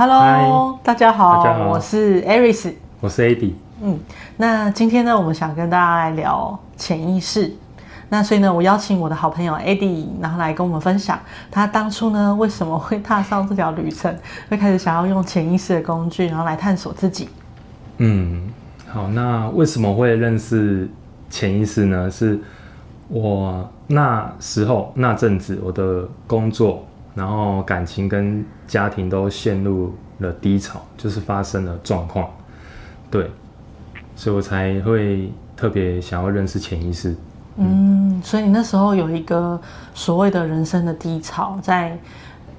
Hello，Hi，大家好，大家好，我是 Aris，我是 Eddie。嗯，那今天呢，我們想跟大家來聊潛意識。那所以呢，我邀請我的好朋友 Eddie，然後來跟我們分享他當初呢，為什麼會踏上這條旅程， 會開始想要用潛意識的工具，然後來探索自己。嗯，好，那為什麼會認識潛意識呢？是我那時候那陣子我的工作。然後感情跟家庭都陷入了低潮，就是發生了狀況，對，所以我才會特別想要認識潛意識。嗯，嗯，所以你那時候有一個所謂的人生的低潮，在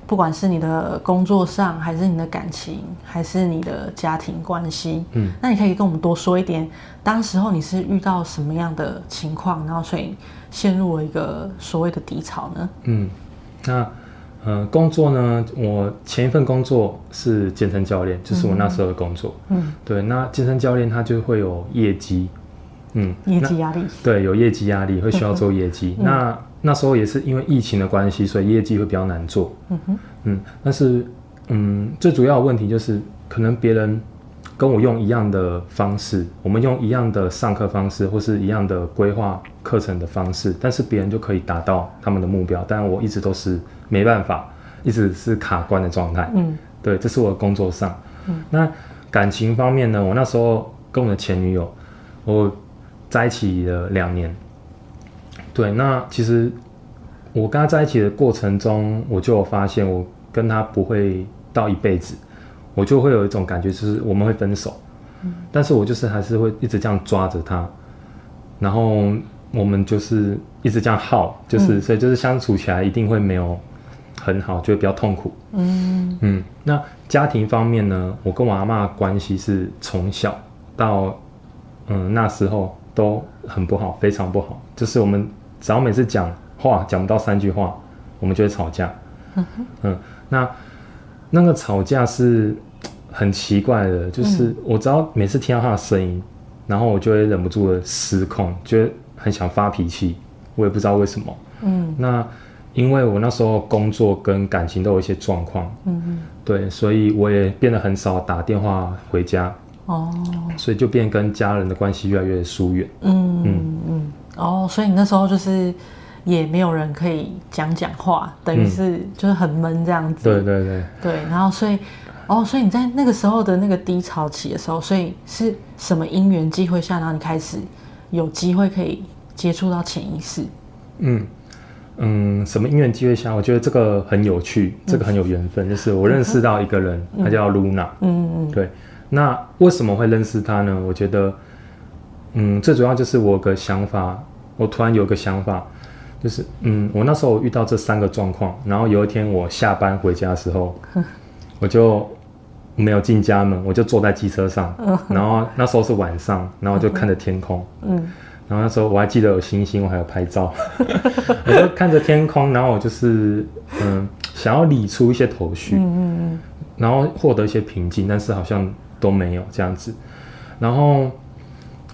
不管是你的工作上，還是你的感情，還是你的家庭關係，嗯，那你可以跟我們多說一點，當時候你是遇到什麼樣的情況，然後所以陷入了一個所謂的低潮呢？嗯，那。嗯、呃，工作呢？我前一份工作是健身教練，就是我那時候的工作。嗯哼，對，那健身教練他就會有業績，嗯，業績壓力。對，有業績壓力，會需要做業績。嗯哼，那那時候也是因為疫情的關係，所以業績會比較難做。嗯哼，嗯，但是，嗯，最主要的問題就是可能別人。跟我用一樣的方式，我們用一樣的上課方式，或是一樣的規劃課程的方式，但是別人就可以達到他們的目標，但我一直都是沒辦法，一直是卡關的狀態。嗯，對，這是我的工作上。嗯，那感情方面呢？我那時候跟我的前女友，我在一起了兩年。對，那其實我跟她在一起的過程中，我就有發現，我跟她不會到一輩子。我就會有一種感覺，就是我們會分手，嗯、但是我就是還是會一直這樣抓着他，然後我們就是一直這樣耗，就是、嗯、所以就是相處起來一定會沒有很好，就會比較痛苦。嗯嗯。那家庭方面呢？我跟我阿嬤的關係是從小到嗯那時候都很不好，非常不好，就是我們只要每次講話講不到三句話，我們就會吵架。呵呵嗯，那。那個吵架是很奇怪的，就是我只要每次聽到他的聲音，嗯、然後我就會忍不住的失控，就很想發脾氣，我也不知道為什麼。嗯，那因為我那時候工作跟感情都有一些狀況，嗯嗯，對，所以我也變得很少打電話回家。哦、嗯，所以就變得跟家人的關係越來越疏遠。嗯嗯嗯，嗯哦，所以你那時候就是。也沒有人可以講講話，等於是就是很悶這樣子。嗯、對對對對，然後所以，哦，所以你在那個時候的那個低潮期的時候，所以是什麼因緣機會下，然後你開始有機會可以接觸到潛意識？嗯嗯，什麼因緣機會下？我覺得這個很有趣，這個很有緣分，嗯、就是我認識到一個人，嗯、他叫 Luna。嗯、嗯嗯，對。那為什麼會認識他呢？我覺得，嗯，最主要就是我的想法，我突然有個想法。就是嗯，我那時候遇到這三個狀況，然後有一天我下班回家的時候， 我就沒有進家門，我就坐在機車上， 然後那時候是晚上，然後我就看着天空， 嗯，然後那時候我還記得有星星，我還有拍照， 我就看着天空，然後我就是嗯，想要理出一些頭緒，嗯， 然後獲得一些平靜，但是好像都沒有這樣子，然後。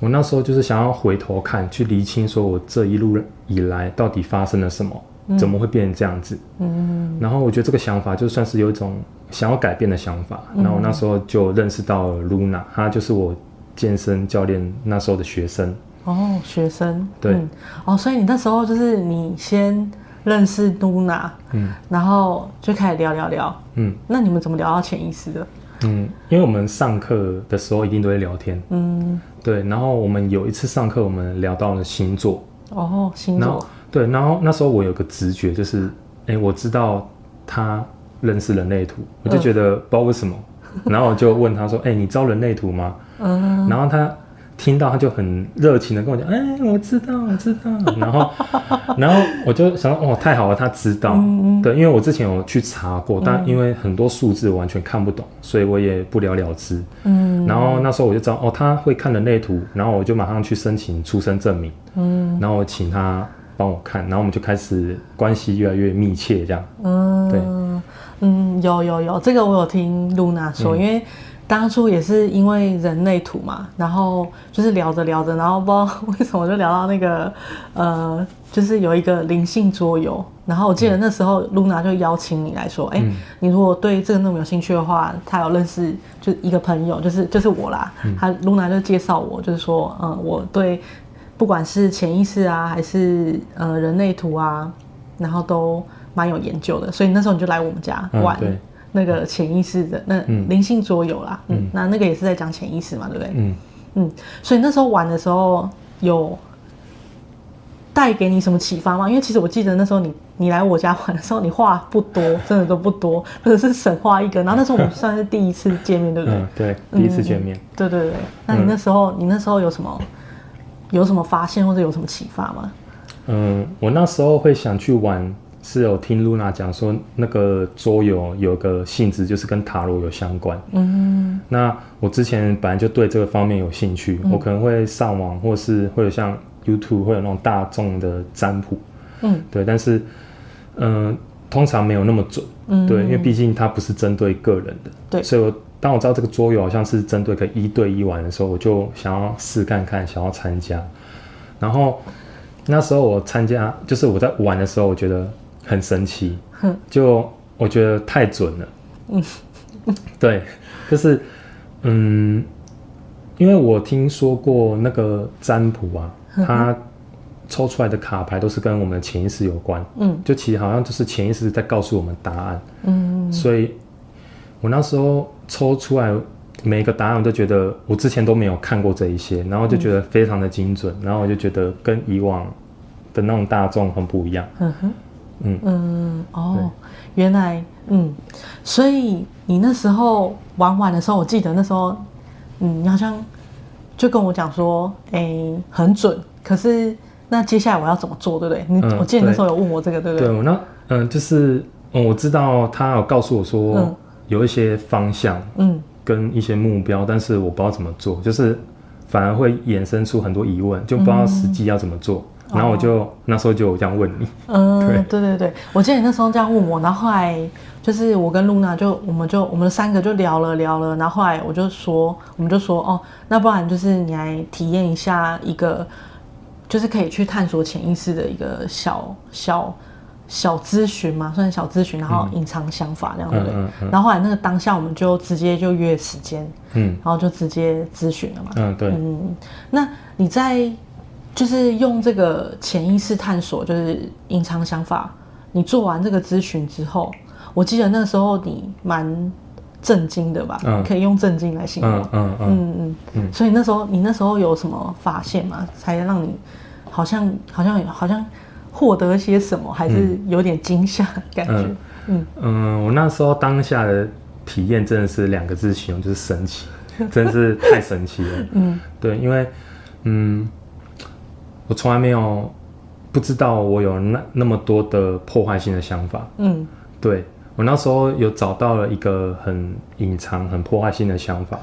我那時候就是想要回頭看，去釐清說我這一路以來到底發生了什麼，嗯、怎麼會變成這樣子？嗯，然後我覺得這個想法就算是有一種想要改變的想法。嗯、然後我那時候就認識到了露娜、嗯，她就是我健身教練那時候的學生。哦，學生。對、嗯。哦，所以你那時候就是你先認識露娜，嗯，然後就開始聊聊聊，嗯，那你們怎麼聊到潛意識的？嗯，因為我們上課的時候一定都會聊天，嗯，對。然後我們有一次上課，我們聊到了星座，哦，星座，對。然後那時候我有個直覺，就是，哎、欸，我知道他認識人類圖，我就覺得不知道為什麼。嗯、然後我就問他說，哎、 欸，你知道人類圖嗎？嗯，然後他。聽到他就很熱情的跟我講，哎，我知道，我知道，然後， 然後我就想到、哦，太好了，他知道，嗯、對，因為我之前有去查過，嗯、但因為很多數字我完全看不懂，所以我也不了了之。嗯，然後那時候我就知道，哦，他會看的人類圖，然後我就馬上去申請出生證明，嗯，然後請他幫我看，然後我們就開始關係越來越密切，這樣。嗯，對，嗯，有有有，這個我有聽露娜說，嗯、因為。當初也是因為人類圖嘛，然後就是聊着聊着，然後不知道為什麼就聊到那個，呃，就是有一個靈性桌遊。然後我記得那時候 Luna 就邀請你來說，哎、嗯，你如果對這個那麼有興趣的話，他有認識就一個朋友，就是就是我啦。他、嗯、Luna 就介紹我，就是說，嗯、呃，我對不管是潛意識啊，還是呃人類圖啊，然後都蠻有研究的。所以那時候你就來我們家玩。啊那個潛意識的那個、靈性桌遊啦，嗯，那、嗯、那個也是在講潛意識嘛，對不對？嗯嗯，所以那時候玩的時候有帶給你什麼啟發嗎？因為其實我記得那時候你你來我家玩的時候，你話不多， 真的都不多，或、那、者、個、是省話一哥。然後那時候我們算是第一次見面，對不對？嗯、對，第一次見面、嗯。對對對，那你那時候、嗯、你那時候有什麼有什麼發現或者有什麼啟發嗎？嗯，嗯我那時候會想去玩。是有聽 Luna 講說，那個桌遊有個性質就是跟塔羅有相關。嗯，那我之前本來就對這個方面有興趣、嗯，我可能會上網，或是會有像 YouTube 會有那種大眾的占卜。嗯，對，但是嗯、呃，通常沒有那麼準。嗯，對，因為畢竟它不是針對個人的。嗯、對，所以我當我知道這個桌遊好像是針對一個一對一玩的時候，我就想要試看看，想要參加。然後那時候我參加，就是我在玩的時候，我覺得。很神奇，就我覺得太準了。嗯， 對，就是，嗯，因為我聽說過那個占卜啊，嗯、他抽出來的卡牌都是跟我們的潛意識有關。嗯，就其實好像就是潛意識在告訴我們答案。嗯，所以我那時候抽出來每個答案，我都覺得我之前都沒有看過這一些，然後就覺得非常的精準，嗯、然後我就覺得跟以往的那種大眾很不一樣。嗯哼。嗯嗯哦，嗯原來嗯，所以你那時候玩玩的時候，我記得那時候，嗯，你好像就跟我講說，哎，很準，可是那接下來我要怎麼做，對不對？嗯、對你我記得那時候有問我這個，對不對？對，我那嗯，就是、嗯、我知道他有告訴我說有一些方向，嗯，跟一些目標，嗯、但是我不知道怎麼做，就是反而會衍生出很多疑問，就不知道實際要怎麼做。嗯然後我就、哦、那時候就這樣問你，嗯，對,對對對，我記得你那時候這樣問我，然後後來就是我跟露娜就我們就我們三個就聊了聊了，然後後來我就說，我們就說哦，那不然就是你來體驗一下一個，就是可以去探索潛意識的一個小小小諮詢嘛，算是小諮詢，然後隱藏想法那樣、嗯、對不對？嗯嗯、然後後來那個當下我們就直接就約時間，嗯，然後就直接諮詢了嘛，嗯對，嗯，那你在。就是用這個潛意識探索，就是隱藏想法。你做完這個諮詢之後，我記得那時候你蠻震驚的吧？嗯，可以用震驚來形容。嗯。嗯嗯嗯嗯。所以那時候你那時候有什麼發現嗎？才讓你好像好像好像，好像獲得些什麼，還是有點驚嚇的感覺？嗯嗯，嗯，嗯，嗯，我那時候當下的體驗真的是兩個字形容，就是神奇， 真是太神奇了。嗯，對，因為嗯。我從來沒有不知道我有那那麼多的破壞性的想法，嗯，對我那時候有找到了一個很隱藏、很破壞性的想法，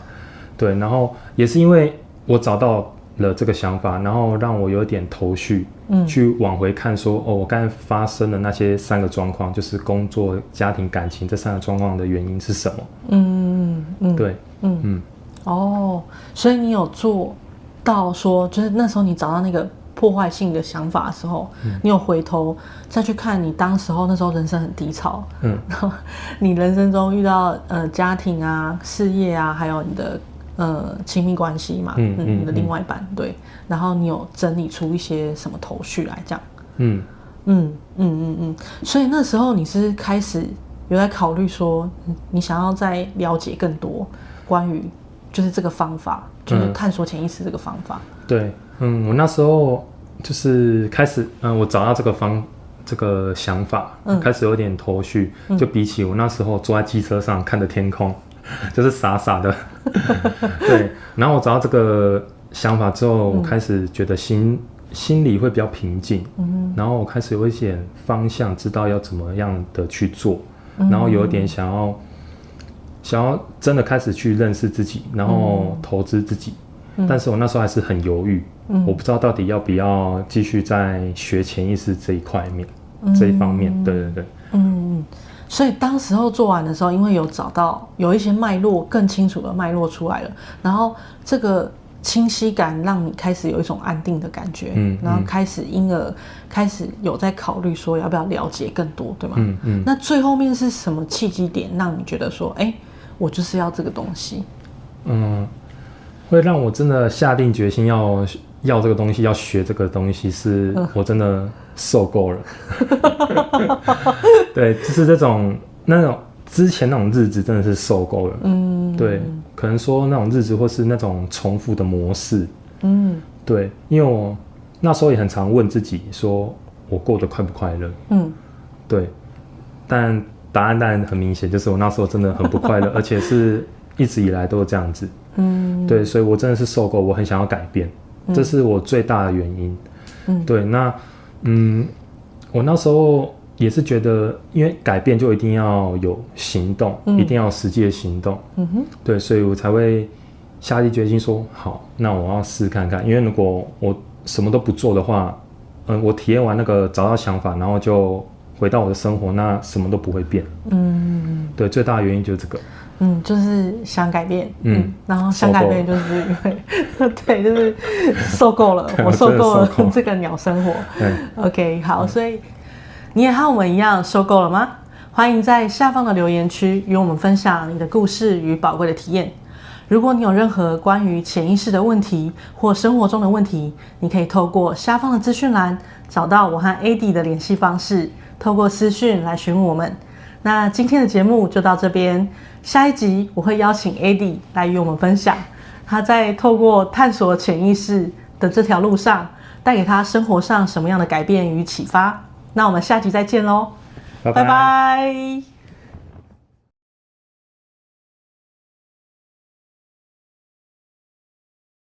對，然後也是因為我找到了這個想法，然後讓我有點頭緒，嗯，去往回看說，嗯、哦，我剛才發生的那些三個狀況，就是工作、家庭、感情這三個狀況的原因是什麼？嗯嗯，嗯對，嗯嗯，嗯哦，所以你有做到說，就是那時候你找到那個。破壞性的想法的時候，嗯、你有回頭再去看你當時候那時候人生很低潮，嗯，然後你人生中遇到呃家庭啊、事業啊，還有你的呃親密關係嘛，嗯，嗯你的另外一半、嗯、對，然後你有整理出一些什麼頭緒來這樣、嗯嗯，嗯嗯嗯嗯嗯，所以那時候你是開始有在考慮說、嗯，你想要再了解更多關於就是這個方法，就是探索潛意識這個方法，嗯、對。嗯，我那時候就是開始，嗯、呃，我找到這個方，這個想法，嗯、開始有點頭緒。嗯、就比起我那時候坐在機車上看著天空，嗯、就是傻傻的。 對。然後我找到這個想法之後，嗯、我開始覺得心心裡會比較平靜。嗯。然後我開始有一些方向，知道要怎麼樣的去做。嗯。然後有一點想要，想要真的開始去認識自己，然後投資自己。嗯但是我那時候還是很猶豫，嗯、我不知道到底要不要繼續在學潛意識這一塊面，嗯、這一方面，對對對，嗯，所以當時候做完的時候，因為有找到有一些脈絡更清楚的脈絡出來了，然後這個清晰感讓你開始有一種安定的感覺，嗯，嗯，然後開始因而開始有在考慮說要不要了解更多，對嗎？嗯嗯。嗯，那最後面是什麼契機點讓你覺得說，哎、欸，我就是要這個東西？嗯。嗯會讓我真的下定決心要要這個東西，要學這個東西，是我真的受夠了。 對，就是這種那種之前那種日子，真的是受夠了。嗯，對，可能說那種日子或是那種重複的模式。嗯，對，因為我那時候也很常問自己，說我過得快不快樂？嗯，對，但答案當然很明顯，就是我那時候真的很不快樂， 而且是一直以來都是這樣子。嗯，對，所以我真的是受夠，我很想要改變，嗯、這是我最大的原因。嗯，對，那嗯，我那時候也是覺得，因為改變就一定要有行動，嗯、一定要有實際的行動。嗯哼，對，所以我才會下定決心說，好，那我要試試看看，因為如果我什麼都不做的話，嗯，我體驗完那個找到想法，然後就回到我的生活，那什麼都不會變。嗯，對，最大的原因就是這個。嗯，就是想改變，嗯，嗯，然後想改變，就是因為， 對，就是受夠了，對我受夠了這個鳥生活。對，OK，好，嗯、所以你也和我們一樣受夠了嗎？歡迎在下方的留言區與我們分享你的故事與寶貴的體驗。如果你有任何關於潛意識的問題或生活中的問題，你可以透過下方的資訊欄找到我和 Eddie 的聯繫方式，透過私訊來詢問我們。那今天的節目就到這邊，下一集我會邀請 Eddie 來與我們分享，他在透過探索潛意識的這條路上，帶給他生活上什麼樣的改變與啟發。那我們下集再見嘍，Bye 拜拜。Bye bye